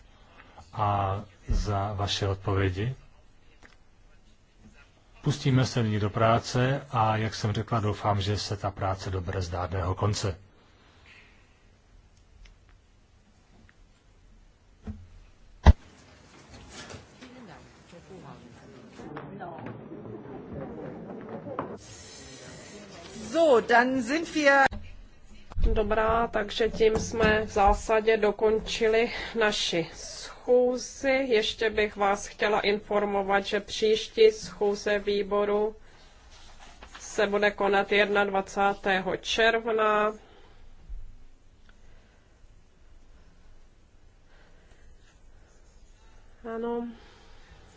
a za vaše odpovědi. Pustíme se nyní do práce a, jak jsem řekla, doufám, že se ta práce dobere zdárného konce. So, dann sind wir Dobrá, takže tím jsme v zásadě dokončili naši schůzi. Ještě bych vás chtěla informovat, že příští schůze výboru se bude konat 21. června. Ano.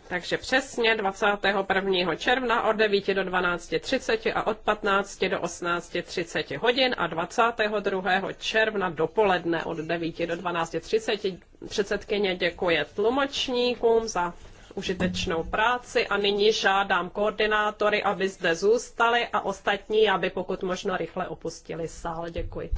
Takže přesně 21. června od 9 do 12.30 a od 15 do 18.30 hodin a 22. června dopoledne od 9 do 12.30. Předsedkyně děkuje tlumočníkům za užitečnou práci a nyní žádám koordinátory, aby zde zůstali a ostatní, aby pokud možno rychle opustili sál. Děkuji.